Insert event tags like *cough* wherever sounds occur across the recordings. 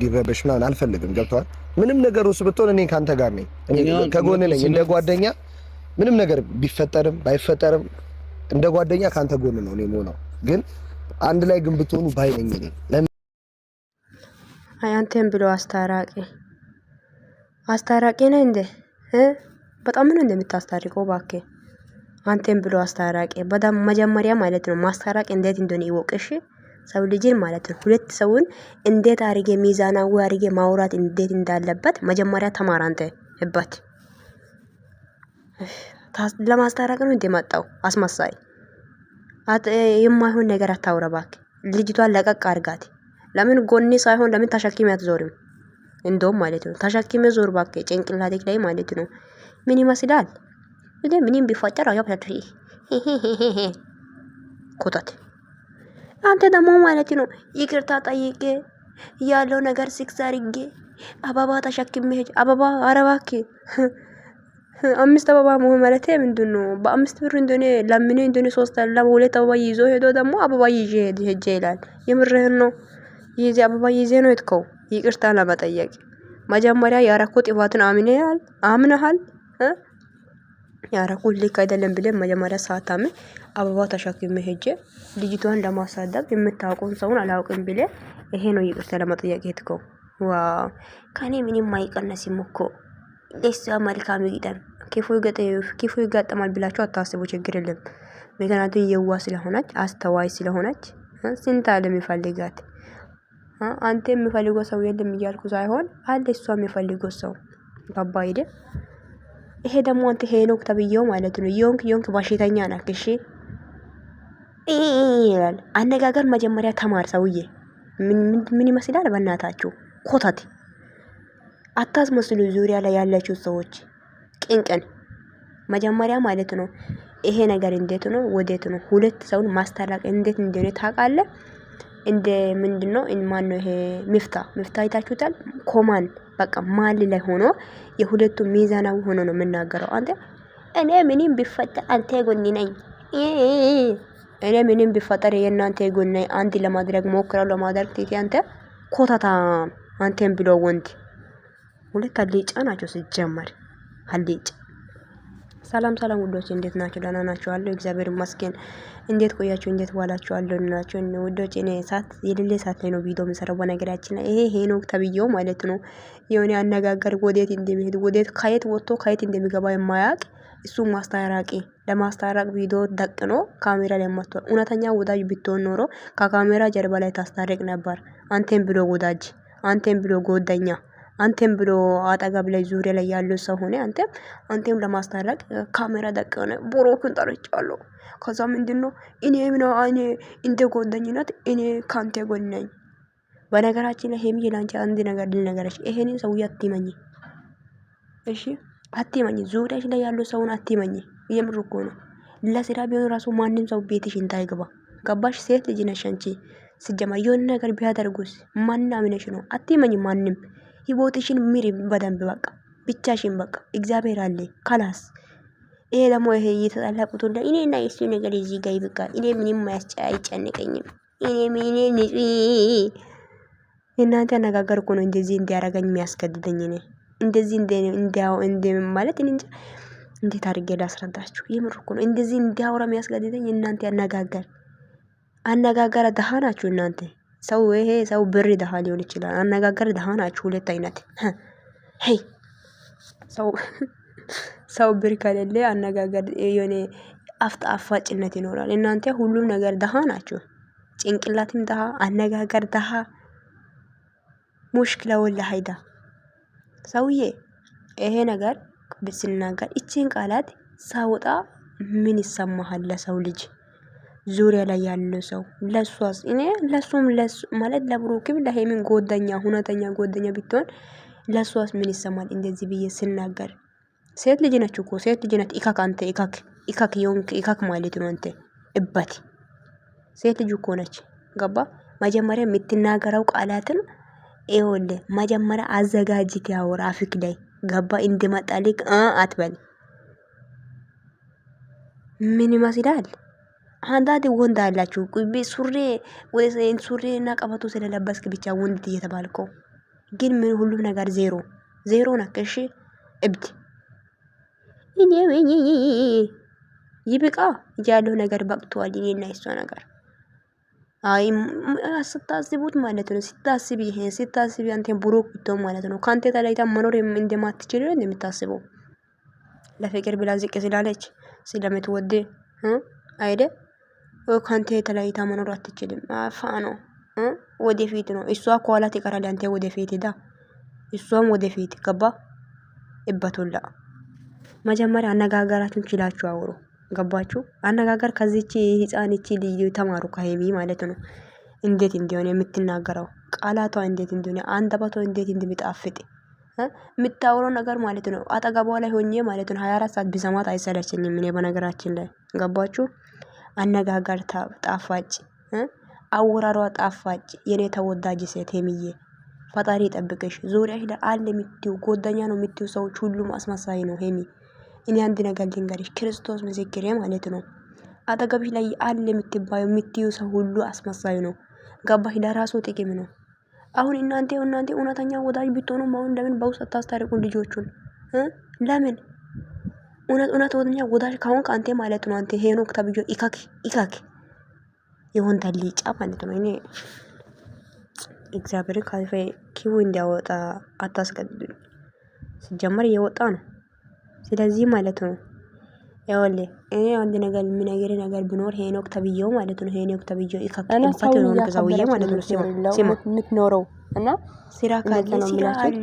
ሊረበሽ ምናምን አልፈልግም። ገብተዋል። ምንም ነገር ውስጥ ብትሆን እኔ ከአንተ ጋር ነኝ፣ ከጎን ነኝ። እንደ ጓደኛ ምንም ነገር ቢፈጠርም ባይፈጠርም እንደ ጓደኛ ከአንተ ጎን ነው እኔ የምሆነው። ግን አንድ ላይ ግን ብትሆኑ ባይ ነኝ እኔ። አይ አንተን ብሎ አስታራቂ አስታራቂ ነህ እንዴ? በጣም ምን እንደምታስታርቀው እባክህ። አንተን ብሎ አስታራቂ በጣም መጀመሪያ ማለት ነው ማስታራቂ እንዴት እንደሆነ ይወቅሽ። ሰው ልጅን ማለት ነው። ሁለት ሰውን እንዴት አርጌ ሚዛናዊ አርጌ ማውራት እንዴት እንዳለበት መጀመሪያ ተማር አንተ እበት ለማስታረቅ ነው እንዴ መጣው አስመሳይ። የማይሆን ነገር አታውራ ልጅቷን ለቀቅ አርጋት። ለምን ጎን ሳይሆን ለምን ተሸክሜ አትዞርም? እንደውም ማለት ነው ተሸክሜ ዞር ባክ፣ ጭንቅላቴ ላይ ማለት ነው። ምን ይመስላል? ምንም ቢፈጠር ያው ኮተት አንተ ደግሞ ማለት ነው ይቅርታ ጠይቄ ያለው ነገር ሲክስ አርጌ አበባ ተሸክሜ ሄጅ አበባ አረባኪ አምስት አበባ መሆን ማለት ምንድን ነው? በአምስት ብር እንደሆነ ለምን እንደሆነ ሶስት አላ ሁለት አበባ ይዞ ሄዶ ደግሞ አበባ ይዤ ሄጄ ይላል። የምርህን ነው? ይዜ አበባ ይዜ ነው የትከው ይቅርታ ለመጠየቅ መጀመሪያ ያረኩት ጥፋትን አምነሃል አምነሃል ያረኩን ልክ አይደለም ብለን መጀመሪያ ሳታምን አበባ ተሸክሜ ሄጄ ልጅቷን ለማሳደብ የምታውቁን ሰውን አላውቅም ብለ ይሄ ነው ይቅርታ ለመጠየቅ ሄድከው። ዋው ከኔ ምንም አይቀነስም እኮ ደስ መልካም ይግጠም፣ ክፉ ይጋጠማል ብላችሁ አታስቡ። ችግር የለም ምክንያቱ የዋ ስለሆነች አስተዋይ ስለሆነች ስንት አለም ይፈልጋት። አንተ የሚፈልገው ሰው የለም እያልኩ ሳይሆን አለ እሷ የሚፈልገው ሰው ባባ ሂደ ይሄ ደግሞ አንተ ሄኖክ ተብዬው ማለት ነው። ዮንክ ዮንክ በሽተኛ ናት። እሺ ይላል አነጋገር። መጀመሪያ ተማር ሰውዬ። ምን ይመስላል? በእናታችሁ ኮተት አታስመስሉ። ዙሪያ ላይ ያላችሁ ሰዎች ቅንቅን መጀመሪያ ማለት ነው። ይሄ ነገር እንዴት ነው? ወዴት ነው? ሁለት ሰውን ማስታረቅ እንዴት እንደሆነ ታውቃለህ። እንደ ምንድን ነው ማን ነው ይሄ ሚፍታ ሚፍታ አይታችሁታል። ኮማን በቃ ማል ላይ ሆኖ የሁለቱ ሚዛናዊ ሆኖ ነው የምናገረው። አንተ እኔ ምንም ቢፈጠር አንተ ጎኒ ነኝ፣ እኔ ምንም ቢፈጠር የእናንተ ጎኒ ነኝ። አንድ ለማድረግ ሞክራለሁ ለማድረግ ቴቴ አንተ ኮታታ አንተን ብሎ ወንድ ሁለት አልጫ ናቸው ሲጀመር አልጫ ሰላም ሰላም ውዶች እንዴት ናቸው? ደህና ናቸው አለው። እግዚአብሔር ይመስገን። እንዴት ቆያችሁ? እንዴት ዋላችሁ? አለው ናቸው ውዶች። እኔ ሳት የሌለ ሳት ላይ ነው ቪዲዮ የምሰራው። በነገራችን ላይ ይሄ ሄኖክ ተብዬው ማለት ነው የሆነ አነጋገር ወዴት እንደሚሄድ ወዴት ከየት ወጥቶ ከየት እንደሚገባ የማያውቅ እሱ ማስታራቂ ለማስታራቅ ቪዲዮ ደቅኖ ካሜራ ላይ ማስተዋል። እውነተኛ ወዳጅ ብትሆን ኖሮ ከካሜራ ጀርባ ላይ ታስታርቅ ነበር። አንተን ብሎ ወዳጅ፣ አንተን ብሎ ጎደኛ አንተም ብሎ አጠገብ ላይ ዙሪያ ላይ ያለው ሰው ሆነ አንተም አንተም ለማስታረቅ ካሜራ ደቀነ ቡሮክን ጠርጫለሁ። ከዛ ምንድን ነው እኔ ምነው እኔ እንደ ጓደኝነት እኔ ካንተ ጎን ነኝ። በነገራችን ላይ ሄምዬ ላንቺ አንድ ነገር ልንገርሽ፣ ይሄንን ሰውዬ አትመኝ። እሺ አትመኝ፣ ዙሪያሽ ላይ ያለው ሰውን አትመኝ። የምር እኮ ነው። ለስራ ቢሆን ራሱ ማንም ሰው ቤትሽ እንዳይገባ ገባሽ? ሴት ልጅ ነሽ አንቺ። ስጀማ የሆነ ነገር ቢያደርጉስ ማን አምነሽ ነው? አትመኝ ማንም ህይወትሽን ምሪ በደንብ በቃ ብቻሽን በቃ እግዚአብሔር አለ ካላስ። ይሄ ደግሞ ይሄ እየተጠላቁት ወደ እኔ እና የሱ ነገር እዚህ ጋር ይብቃል። እኔ ምንም አይጨንቀኝም። እኔ ምን ንጽ እናንተ አነጋገር እኮ ነው እንደዚህ እንዲያረገኝ የሚያስገድደኝ እኔ እንደዚህ እንዲያው እንደ ማለት እንጂ እንዴት አድርጌ ላስረዳችሁ? የምር እኮ ነው እንደዚህ እንዲያወራ የሚያስገድደኝ እናንተ አነጋገር አነጋገር ደሃ ናችሁ እናንተ። ሰው ይሄ ሰው ብር ድሃ ሊሆን ይችላል። አነጋገር ድሃ ናችሁ ሁለት አይነት ሄይ ሰው *laughs* ሰው ብር ከሌለ አነጋገር የሆነ አፍጣፋጭነት ይኖራል። እናንተ ሁሉም ነገር ድሃ ናችሁ። ጭንቅላትም ድሃ፣ አነጋገር ድሃ። ሙሽክላ ወላ ሀይዳ ሰውዬ ይሄ ነገር ብስናገር እቺን ቃላት ሳወጣ ምን ይሰማሃል? ለሰው ልጅ ዙሪያ ላይ ያለ ሰው ለሷስ እኔ ለሱም ለሱ ማለት ለብሩክም ለሄምን ጎደኛ ሁነተኛ ጎደኛ ብትሆን ለሷስ ምን ይሰማል? እንደዚህ ብዬ ስናገር ሴት ልጅ ነች እኮ ሴት ልጅ ነች። ኢካክ አንተ ኢካክ ኢካክ ዮንክ ኢካክ ማለት ነው አንተ እበት ሴት ልጅ እኮ ነች። ገባ መጀመሪያ የምትናገረው ቃላትን ኤወል መጀመሪያ አዘጋጅት ያወራ አፍክ ላይ ገባ እንድመጣልክ አትበል ምን ይመስላል? አንዳንድ ወንድ አላችሁ ሱሪ እና ቀበቶ ስለለበስክ ብቻ ወንድ እየተባልከው ግን ምን ሁሉም ነገር ዜሮ ዜሮ ነክ። እሺ እብድ ይብቃ። ያለው ነገር በቅቷል። እኔና የሷ ነገር አይ ስታስቡት ማለት ነው። ስታስብ ይሄ ስታስብ አንተ ብሩክ ብትሆን ማለት ነው። ከአንተ ተለይታ መኖር እንደማትችል እንደምታስበው ለፍቅር ብላ ዝቅ ስላለች ስለምትወድ አይደ ከአንተ የተለያይታ መኖር አትችልም። አፋ ነው ወደፊት ነው። እሷ ከኋላ ትቀራል፣ አንተ ወደፊት ዳ እሷም ወደፊት ገባ። እበቶላ መጀመሪያ አነጋገራችሁን ችላችሁ አውሩ። ገባችሁ? አነጋገር ከዚች ህፃን እቺ ልዩ ተማሩ ከሄቢ ማለት ነው። እንዴት እንዲሆን የምትናገረው ቃላቷ እንዴት እንዲሆን አንደበቷ እንዴት እንደሚጣፍጥ የምታውረው ነገር ማለት ነው። አጠገቧ ላይ ሆኜ ማለት ነው። ሀያ አራት ሰዓት ቢሰማት አይሰለችኝም። እኔ በነገራችን ላይ ገባችሁ? አነጋገር ጣፋጭ፣ አወራሯ ጣፋጭ የኔ ተወዳጅ ሴት ሄምዬ ፈጣሪ ጠብቅሽ ዙሪያሽ አለ የምትዩ ጎደኛ ነው የምትዩ ሰዎች ሁሉም አስመሳይ ነው። ሄሚ እኔ አንድ ነገር ልንገርሽ፣ ክርስቶስ ምስክሬ ማለት ነው። አጠገብሽ ላይ አለ የምትባዩ የምትዩ ሰው ሁሉ አስመሳይ ነው። ገባሽ? ለራሱ ጥቅም ነው። አሁን እናንተ እናንተ እውነተኛ ወዳጅ ብትሆኑ አሁን ለምን በውስጥ አታስታርቁ ልጆቹን ለምን? እውነት እውነት ጎዳሽ ካሁን ከአንቴ ማለት ነው። አንተ ሄኖክ ተብዮ ኢካክ ኢካክ የሆን ተሊጫ ማለት ነው። እኔ እግዚአብሔር ካልፈ ኪቡ እንዲያወጣ አታስገድዱኝ። ሲጀመር እየወጣ ነው። ስለዚህ ማለት ነው ያወለ እኔ አንድ ነገር የሚነገር ነገር ቢኖር ሄኖክ ተብዬው ማለት ነው። ሄኖክ ተብዬው ኢካክ ማለት ነው። ሲማ ሲማ እና ሲራ ካለ ነው ካለ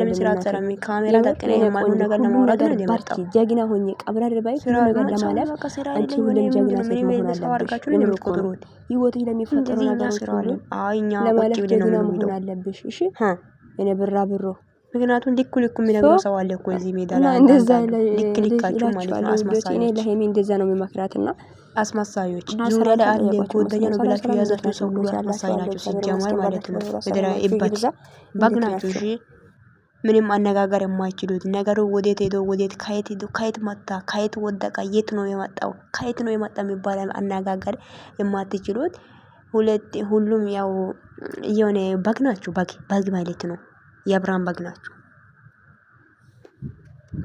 ለምን ሲራ ካሜራ ነገር ነው ጀግና ሆኜ ቀብረር ባይ ሁሉ ነገር ለማለፍ አንቺ ሁሉም ጀግና ሴት መሆን አለብሽ። ህይወት ለሚፈጠሩ ነገሮች ሁሉ አይኛ ጀግና መሆን አለብሽ። እሺ እኔ ብራ ብሮ ምክንያቱም ልኩ ልኩ የሚነግረው ሰው አለ እኮ እዚህ ሜዳ ላይ ልክ ልካችሁ ማለት ነው። አስመሳይ እኔ ለሄሜ እንደዛ ነው የሚመክራትና አስማሳዮች ዙሪያ ላይ አንድ ጎደኛ ነው ብላችሁ የያዛችሁ ሰው ሁሉ አስመሳይ ናቸው። ሲጀመር ማለት ነው በተለያ ይበት ባግናችሁ እሺ። ምንም አነጋገር የማይችሉት ነገሩ ወዴት ሄዶ ወዴት ከየት ሄዶ ከየት መጣ ከየት ወደቀ የት ነው የመጣው ከየት ነው የመጣ የሚባል አነጋገር የማትችሉት ሁለት ሁሉም ያው የሆነ በግ ናችሁ። በግ በግ ማለት ነው የአብርሃም በግ ናችሁ።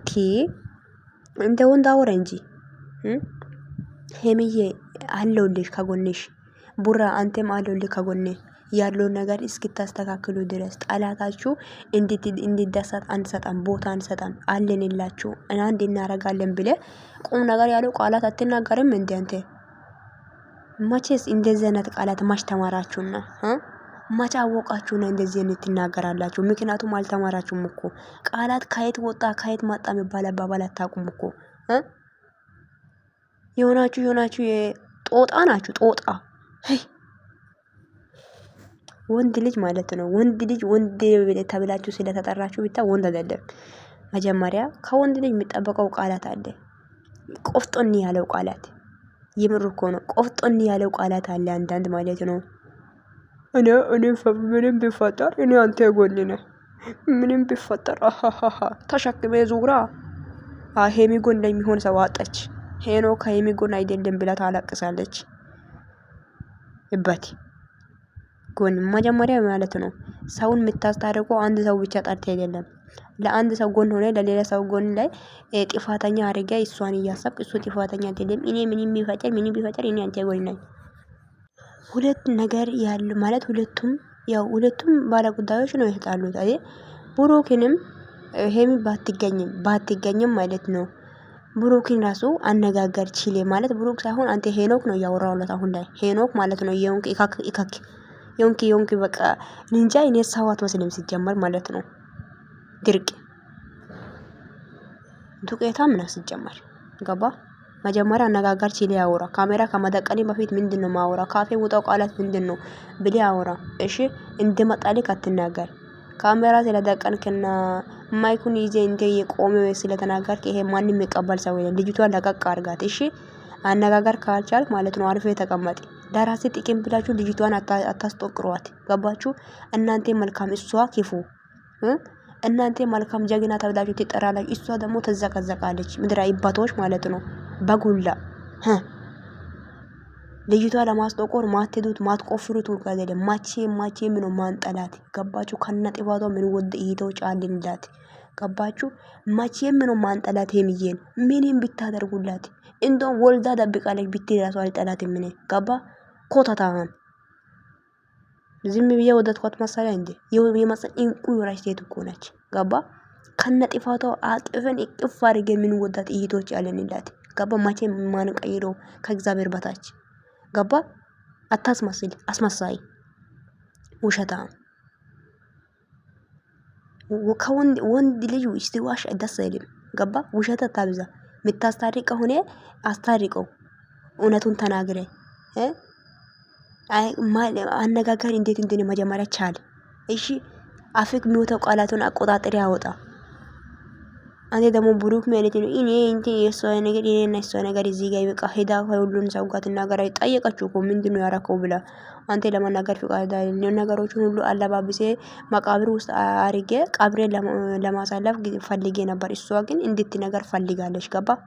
ቲ እንደ ወንድ አወራ እንጂ ሄምዬ አለሁልሽ ከጎንሽ፣ ቡራ አንተም አለሁልህ ከጎንሽ ያለውን ነገር እስክታስተካክሉ ድረስ ጠላታችሁ እንዲደሰት አንሰጠን፣ ቦታ አንሰጠን፣ አለንላችሁ እና እናረጋለን ብለ ቁም ነገር ያለው ቃላት አትናገርም። እንዲ አንተ መቼስ እንደዚህ አይነት ቃላት ማች ተማራችሁና ማች አወቃችሁና እንደዚህ ትናገራላችሁ? ምክንያቱም አልተማራችሁም እኮ ቃላት ከየት ወጣ ከየት መጣ የሚባል አባባል አታውቁም እኮ የሆናችሁ የሆናችሁ የጦጣ ናችሁ ጦጣ። ወንድ ልጅ ማለት ነው። ወንድ ልጅ ወንድ ተብላችሁ ስለተጠራችሁ ብቻ ወንድ አይደለም። መጀመሪያ ከወንድ ልጅ የሚጠበቀው ቃላት አለ። ቆፍጦን ያለው ቃላት የምር እኮ ነው። ቆፍጦን ያለው ቃላት አለ አንዳንድ ማለት ነው። እኔ እኔ ምንም ቢፈጠር እኔ አንተ ጎን ነህ። ምንም ቢፈጠር ተሸክሜ ዙራ ሄሚ ጎን ለሚሆን ሰው አጠች። ሄኖ ከሀይሚ ጎን አይደለም ብላ ታለቅሳለች። እበት ጎን መጀመሪያ ማለት ነው ሰውን የምታስታርቁ አንድ ሰው ብቻ ጠርታ አይደለም። ለአንድ ሰው ጎን ሆነ ለሌላ ሰው ጎን ላይ ጥፋተኛ አድርጋ እሷን እያሰብ እሱ ጥፋተኛ አይደለም፣ እኔ ምንም ቢፈጠር ምንም ቢፈጠር እኔ አንተ ጎን ነኝ። ሁለት ነገር ያሉ ማለት ሁለቱም ያው ሁለቱም ባለ ጉዳዮች ነው የተጣሉት። አይ ቡሩክንም ሀይሚ ባትገኝም ባትገኝም ማለት ነው ብሩክን ራሱ አነጋገር ችሌ ማለት ብሩክ ሳይሆን አንተ ሄኖክ ነው እያወራሁለት አሁን ላይ ሄኖክ ማለት ነው። የሆንክ ኢካክ ኢካክ የሆንክ በቃ እንጃ እኔ ሰዋት መስለም ሲጀመር ማለት ነው። ድርቅ ዱቄታ ምን ሲጀመር ገባ። መጀመሪያ አነጋገር ችሌ ያወራ ካሜራ ከመደቀኔ በፊት ምንድን ነው ማወራ ካፌ ውጣው ቃላት ምንድን ነው ብሌ ያወራ። እሺ እንደመጣልክ አትናገር ካሜራ ስለደቀንክና ማይኩን ይዜ እንቴ የቆመ ስለተናገርክ ይሄ ማንም የሚቀበል ሰው የለም። ልጅቷ ለቀቅ አርጋት እሺ። አነጋገር ካልቻልክ ማለት ነው አርፌ ተቀመጥ። ለራሴ ጥቅም ብላችሁ ልጅቷን አታስጠቅሯት። ገባችሁ? እናንተ መልካም፣ እሷ ክፉ። እናንተ መልካም ጀግና ተብላችሁ ትጠራላችሁ፣ እሷ ደግሞ ተዘቀዘቃለች። ምድራዊ ባቶች ማለት ነው በጉላ ልጅቷ ለማስጠቆር ማትዱት ማትቆፍሩት ውርጋ ዘለ ማቼ ማቼ ምኖ ማንጠላት ገባችሁ? ከነ ጥባቷ ምን ወደ እይተው ጫልንላት ገባችሁ? ማቼ ምኖ ማንጠላት ሄምዬን ምንም ብታደርጉላት እንደውም ወልዳ ደብቃለች ብትል ራሱ አልጠላት ምን ገባ ኮታታን ዝም ብዬ ወደድኳት መሳሪያ እንዴ የመፀን እንቁ የሆነች ሴት እኮ ነች። ገባ ከነ ጥፋቷ አቅፈን እቅፍ አድርገን ምን ወዳት እይቶች ያለንላት ገባ ማቼ ማንቀይረው ከእግዚአብሔር በታች ገባ? አታስመስል፣ አስመሳይ፣ ውሸታም። ወንድ ልጅ ሲዋሽ ደስ አይልም። ገባ? ውሸት አታብዛ። የምታስታርቅ ሆነ አስታርቀው፣ እውነቱን ተናግረ። አነጋገር እንዴት እንደሆነ መጀመሪያ ቻል። እሺ፣ አፍክ የሚወጣው ቃላቱን አቆጣጥሪ ያወጣ አንተ ደግሞ ብሩክ ማለት ነው። እኔ እንት የሷ ነገር እኔ እና የሷ ነገር እዚህ ጋር ይበቃ። ሄዳ ሁሉን ሰው ጋር ትናገራ። ጠየቀችው እኮ ምንድን ነው ያረከው ብላ አንተ ለመናገር ፍቃድ አይደለም። ነገሮችን ሁሉ አለባብሴ መቃብር ውስጥ አርጌ ቀብሬ ለማሳለፍ ፈልጌ ነበር። እሷ ግን እንድትነገር ፈልጋለች። ገባ